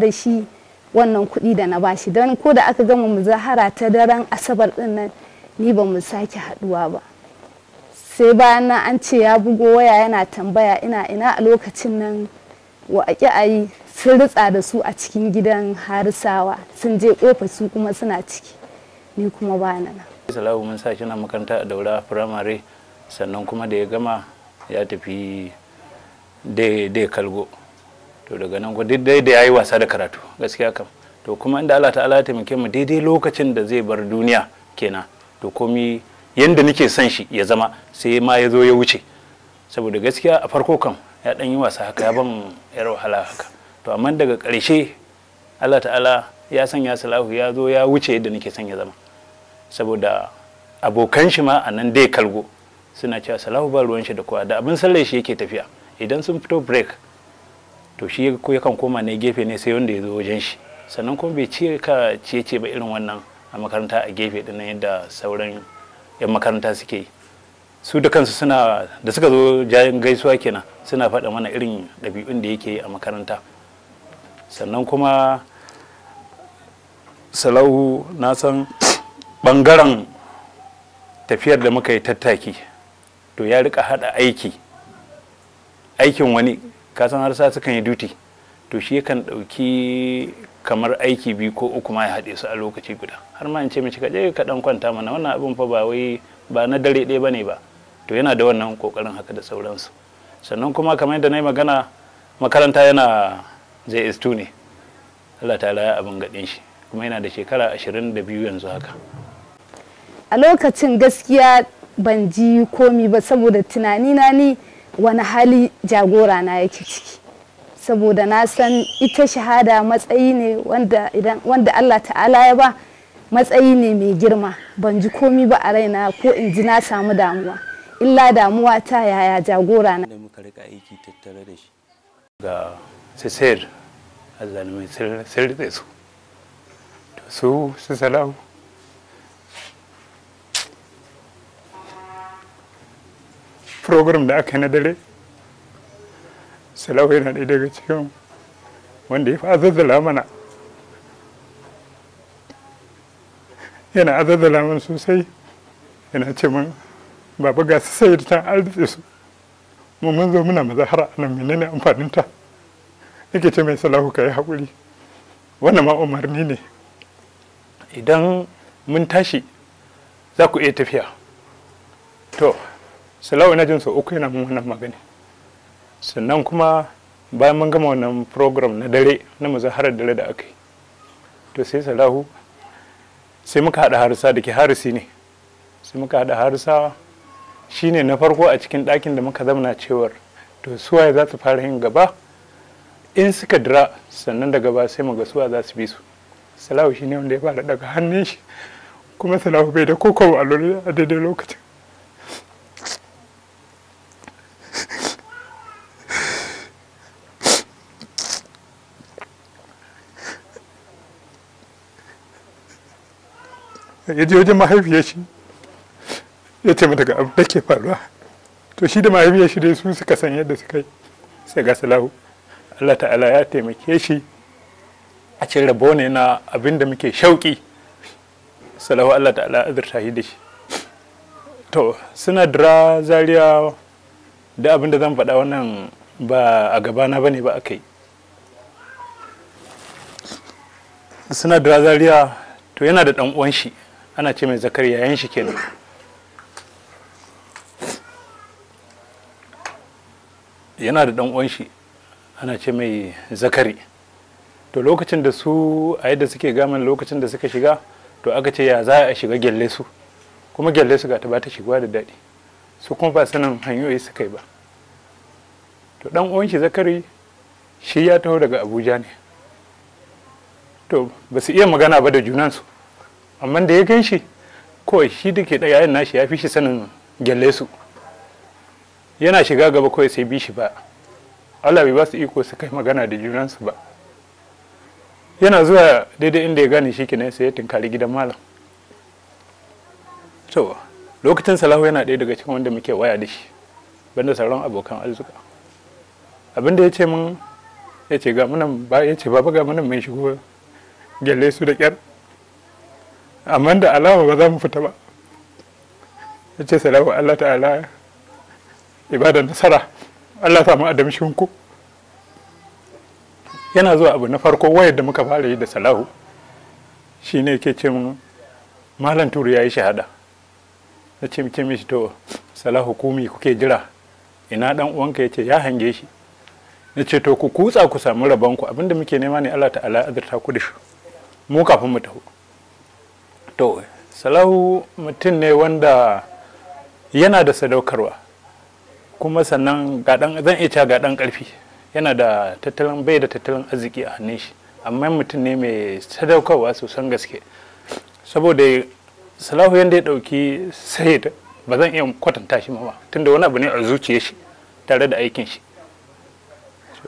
da shi wannan kuɗi da na ba shi don ko da aka gama muzahara ta daren asabar ɗin nan ni ba mu sake haɗuwa ba sai bayan na an ce ya bugo waya yana tambaya ina ina a lokacin nan wa a ayi sun ritsa da su a cikin gidan harisawa sun je kofa su kuma suna ciki ni kuma ba na nan. salamu mun sa shi makaranta a daura firamare sannan kuma da ya gama ya tafi dai kalgo to daga nan ko dai da yi wasa da karatu gaskiya kam to kuma inda Allah ta'ala ya taimake mu daidai lokacin da zai bar duniya kenan to komi yanda nake son shi ya zama sai ma ya zo ya wuce saboda gaskiya a farko kam ya dan yi wasa haka ya ban yar wahala haka to amma daga ƙarshe Allah ta'ala ya sanya salahu ya zo ya wuce yadda nake son ya zama saboda abokan shi ma a nan dai kalgo suna cewa salahu ba ruwan shi da kowa da abin sallar shi yake tafiya idan sun fito break to shi ko yakan koma ne gefe ne sai wanda ya zo wajen shi sannan kuma bai ciye ka ciye ce ba irin wannan a makaranta a gefe dinnan yadda sauran yan makaranta suke yi su da kansu suna da suka zo jayin gaisuwa kenan suna faɗa mana irin ɗabi'un da yake a makaranta sannan kuma salahu na san ɓangaren tafiyar da muka yi tattaki to ya rika haɗa aiki aikin wani ka san harsa kan yi duty to shi yakan ɗauki kamar aiki biyu ko uku ma ya haɗe su a lokaci guda har ma in ce mace kaje ka dan kwanta mana wannan abin fa ba wai ba na dare ɗaya bane ba to yana da wannan kokarin haka da sauransu sannan kuma kamar yadda na yi magana makaranta yana js2 ne allah ta ya abin gaɗin shi kuma yana da shekara ashirin da biyu yanzu haka a lokacin gaskiya ban ji komi ba saboda tunani na ni wani hali jagora na yake ciki saboda na san ita shahada matsayi ne wanda, Allah ta'ala ya ba matsayi ne mai girma ban ji komi ba a raina ko in ji na samu damuwa illa damuwa ta yaya jagora na da muka rika aiki tattare da shi ga sisir azalmai sirri su su su salamu program da aka na dare salawai na ɗaya daga cikin wanda ya fi azazzala mana yana azazzala mana sosai yana ce min baba ga su sai ta arziki su mu mun zo muna mazahara a nan menene amfaninta yake ce mai salahu ka yi haƙuri wannan ma umarni ne idan mun tashi za ku iya tafiya to salawa na jin sau uku yana mun wannan magani sannan kuma bayan mun gama wannan program na dare na muzaharar dare da aka yi to sai salahu sai muka haɗa harisa da ke harisi ne sai muka haɗa harisa shine na farko a cikin ɗakin da muka zamana cewar to suwaye za su fara yin gaba in suka dira sannan daga ba sai ga suwa za su bi su salahu shine wanda ya fara daga hannun shi kuma salahu bai da kokowa a daidai lokacin ya je wajen mahaifiyar shi ya ce mata ga abu da ke faruwa to shi da mahaifiyar shi dai su suka san yadda suka yi sai ga salahu Allah ta'ala ya taimake shi a cin rabo ne na abin da muke shauƙi salahu Allah ta'ala azurta shi da shi to suna dira zaria da abin da zan faɗa wannan ba a gabana ba ne ba aka yi suna dira zaria to yana da ɗan uwan shi ana ce mai zakari yayan shi kenan yana da uwan shi ana ce mai zakari to lokacin da su a yadda suke gamin lokacin da suka shiga to aka ce ya za a shiga gyalle su kuma gyalle su ga ta ba ta shigowa da daɗi su kuma ba sanin hanyoyi su kai ba to dan uwan shi zakari shi ya taho daga abuja ne to ba su iya magana ba da junansu amma da ya gan shi kawai shi da ke yayin nashi ya fi shi sanin gyalle su yana shiga gaba kawai sai bi shi ba Allah bai ba su iko su kai magana da junansu ba yana zuwa daidai inda ya gane shi kenan sai ya tinkari gidan malam to lokacin salahu yana ɗaya daga cikin wanda muke waya da shi banda sauran abokan arzuka abinda da ya ce mun ya ce ga ba ya ce ga munan mai shigo gyalle su da kyar amma da alama ba za mu fita ba ya ce salamu Allah ta'ala ibadan nasara Allah samu adamshin ku yana zuwa abu na farko wayar da muka fara yi da salahu shine ke ce malam turu ya yi shahada na ce muke mishi to salahu kumi kuke jira ina dan uwanka yace ya hange shi na ce to ku kutsa ku samu rabonku abinda muke nema ne Allah ta'ala azurta ku da shi mu kafin mu taho to salahu mutum ne wanda yana da sadaukarwa kuma sannan zan iya ca gaɗan ƙarfi yana da tattalin bai da tattalin arziki a hannun shi amma mutum ne mai sadaukarwa sosan gaske saboda salahu yadda ya ɗauki sai ba zan iya kwatanta shi ma tunda wani abu ne a zuciyar shi tare da aikin shi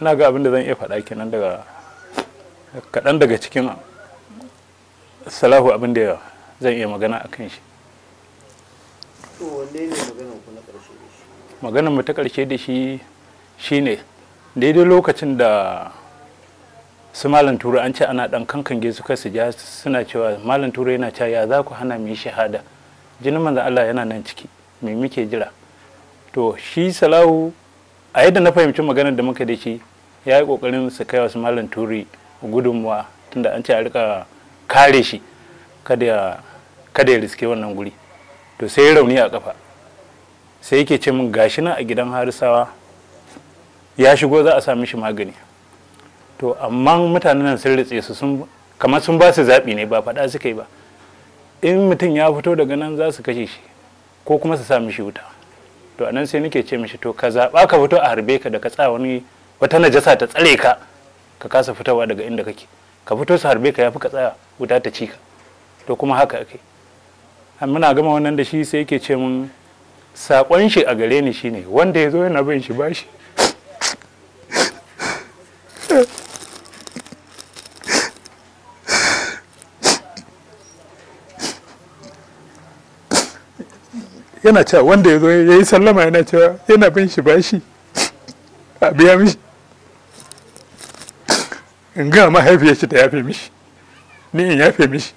ina ga abin da zan iya faɗa kenan daga kaɗan daga cikin salahu abin da yawa zan iya magana a kan shi maganar mu ta ƙarshe da shi shi ne daidai lokacin da su malam turai an ce ana ɗan kankange su kai su ja suna cewa malam turai yana cewa ya za ku hana mu yi shahada jinin manzan Allah yana nan ciki me muke jira to shi salahu a yadda na fahimci maganar da muka da shi ya yi ƙoƙarin su kai wasu malam turi gudunmuwa tunda an ce a rika kare shi kada ya riske wannan guri to sai rauni a kafa sai yake ce min gashi na a gidan harisawa ya shigo za a sami shi magani to amma mutanen nan sun ritse su sun kamar sun ba su zaɓi ne ba faɗa suka yi ba in mutum ya fito daga nan za su kashe shi ko kuma su sa mishi wuta to anan sai nake ce mishi to ka zaɓa ka fito a harbe ka da ka wani wata najasa ta tsare ka ka kasa fitowa daga inda kake ka fito su harbe ka yafi ka tsaya wuta ta ci ka to kuma haka ake muna gama wannan da shi sai yake ce mun sakon shi a gare ni shine wanda ya zo yana bin shi bashi yana cewa wanda ya zo ya yi sallama yana cewa yana bin shi bashi a biya mishi in ga mahaifiyar shi ta yafe mishi ni in yafe mishi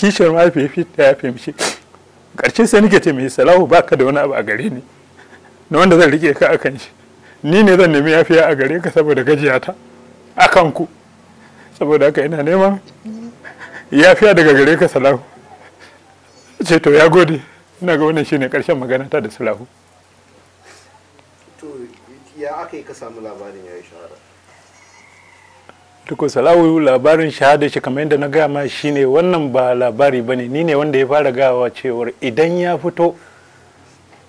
kishiyar mahaifiyafi ta ya mishi ƙarshen sai nake ce mai salahu baka da wani abu a gare ni na wanda zan rike ka akan shi ni ne zan nemi yafiya a gare ka saboda gajiyata kan ku saboda haka ina neman yafiya daga gare ka salahu ce to ya gode ina ga wannan shine karshen magana ta da salahu to ya aka yi ka samu labarin ya shahara Tuko Salawu labarin shahada shi kamar yadda na gaya ma shine wannan ba labari ba ne ni ne wanda ya fara gawa cewar idan ya fito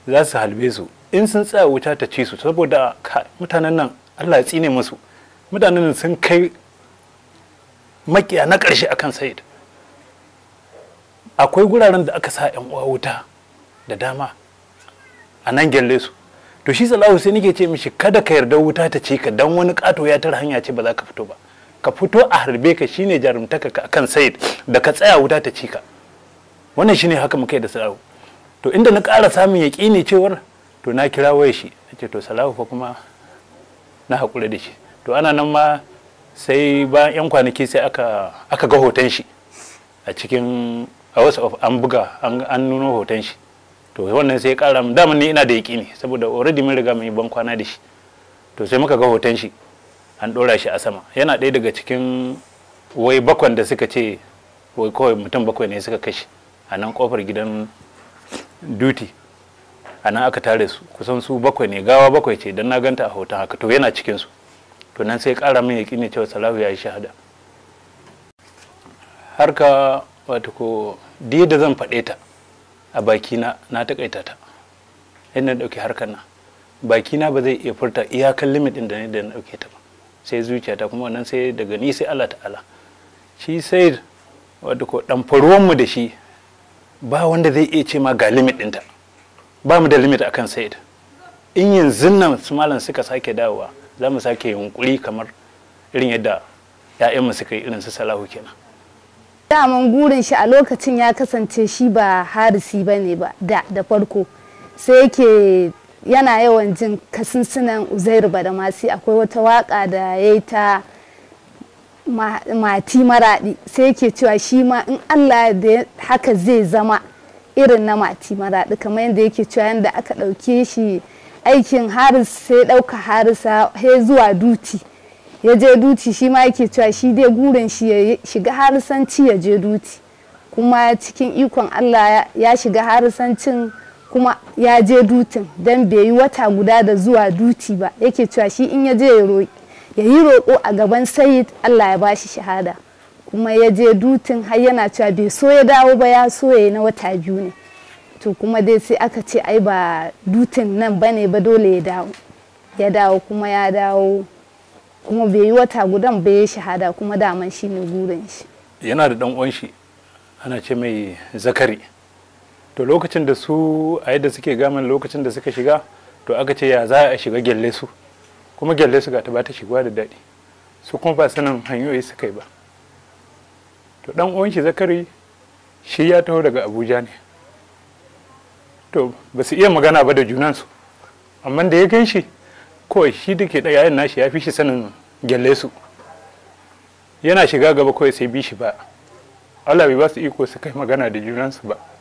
za su halbe su in sun tsaya wuta ta ci su saboda mutanen nan Allah ya tsine musu mutanen nan sun kai makiya na ƙarshe akan Said akwai guraren da aka sa 'yan uwa wuta da dama a nan gyalle su to shi Salawu sai nake ce mishi kada ka yarda wuta ta ci ka dan wani kato ya tara hanya ce ba za ka fito ba ka fito a harbe ka shine jarumtaka ka kan sayid da ka tsaya wuta ta cika wannan shine haka muka yi da salahu to inda na ƙara samun ne cewar to na kira waya shi ce to salahu fa kuma na haƙura da shi to ana nan ma sai ba 'yan kwanaki sai aka aka ga hoton shi a cikin a wasu an buga an nuno hoton shi to wannan sai ya ƙara daman ni ina da ne saboda already mun riga mun yi ban kwana da shi to sai muka ga hoton shi an ɗora shi a sama yana ɗaya daga cikin wai bakwai da suka ce wai kawai mutum bakwai ne suka kashe a nan kofar gidan duty a nan aka tare su kusan su bakwai ne gawa bakwai ce don na ganta a hoton haka to yana cikin su to nan sai ƙara min yaƙi ne cewa salahu ya yi shahada harka wata ko diya da zan faɗe ta a bakina na taƙaita ta inda na ɗauki harkar na bakina ba zai iya furta iyakar limit ɗin da na ɗauke ta ba sai zuciyata kuma wannan sai daga ni sai Allah ta'ala shi sai wadda ko ɗamfaruwan mu da shi ba wanda zai iya ce ma ga limit dinta ba mu da limit akan sayid in yanzu nan su malam suka sake dawowa za mu sake yunkuri kamar irin yadda mu suka yi irin su salahu kenan daman gurin shi a lokacin ya kasance shi ba harisi ba ne ba da farko sai yake yana yawan jin kasinsunan uzairu badamasi akwai wata waka da ya yi ta mati maraɗi sai yake cewa shi ma in allah da haka zai zama irin na mati maraɗi kamar yadda yake cewa yadda aka ɗauke shi aikin haris sai ɗauka harisa he zuwa duti ya je duti shi ma yake cewa shi dai gurin shi ya shiga harisanci ya je duti kuma cikin ikon allah ya shiga harisancin kuma ya je dutin dan bai yi wata guda da zuwa duti ba yake cewa shi in ya je ya yi roƙo a gaban sayid allah ya ba shi shahada kuma ya je dutin har yana cewa bai so ya dawo ba ya so ya na wata biyu ne to kuma dai sai aka ce ai ba dutin nan ba ne ba dole ya dawo ya dawo kuma ya dawo kuma bai yi wata gudan ba ya shahada kuma daman shi ne gurin shi yana da dan uwan shi ana ce mai zakari to lokacin da su a yadda suke gaman lokacin da suka shiga to aka ce ya za a shiga gyalle su kuma gyalle su ga ta bata shigowa da daɗi su kuma ba sanin hanyoyi su kai ba to dan uwan shi zakari shi ya taho daga abuja ne to ba su iya magana ba da junansu amma da ya gan shi kawai shi da ke ɗaya nashi ya fi shi sanin gyalle su yana shiga gaba kawai sai bi shi ba allah bai ba su iko su kai magana da junansu ba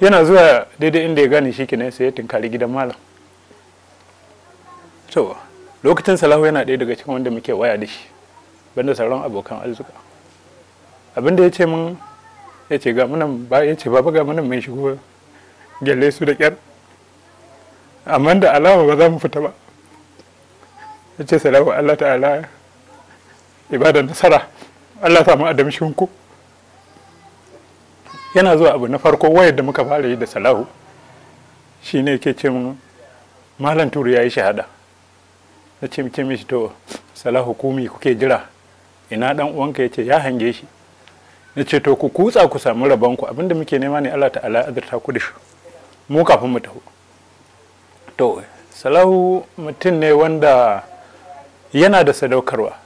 yana zuwa daidai inda ya gane shi kenan sai ya tinkari gidan malam to lokacin salahu yana ɗaya daga cikin wanda muke waya da shi banda sauran abokan arzuka abinda ya ce mun ya ce ga munan ba ya ce baba ga munan mai shigo gyalle su da kyar amma da alama ba za mu fita ba ya ce salahu allah ta'ala ibada nasara allah mu adam shinku yana zuwa abu na farko wayar da muka fara yi da salahu shine ke ce mun malam turu ya yi shahada na ce ce mishi to salahu kumi kuke jira ina dan uwanka yace ya hange shi na ce to ku kutsa ku samu rabonku abinda muke nema ne Allah ta'ala azurta ku da shi mu kafin mu taho to salahu mutum ne wanda yana da sadaukarwa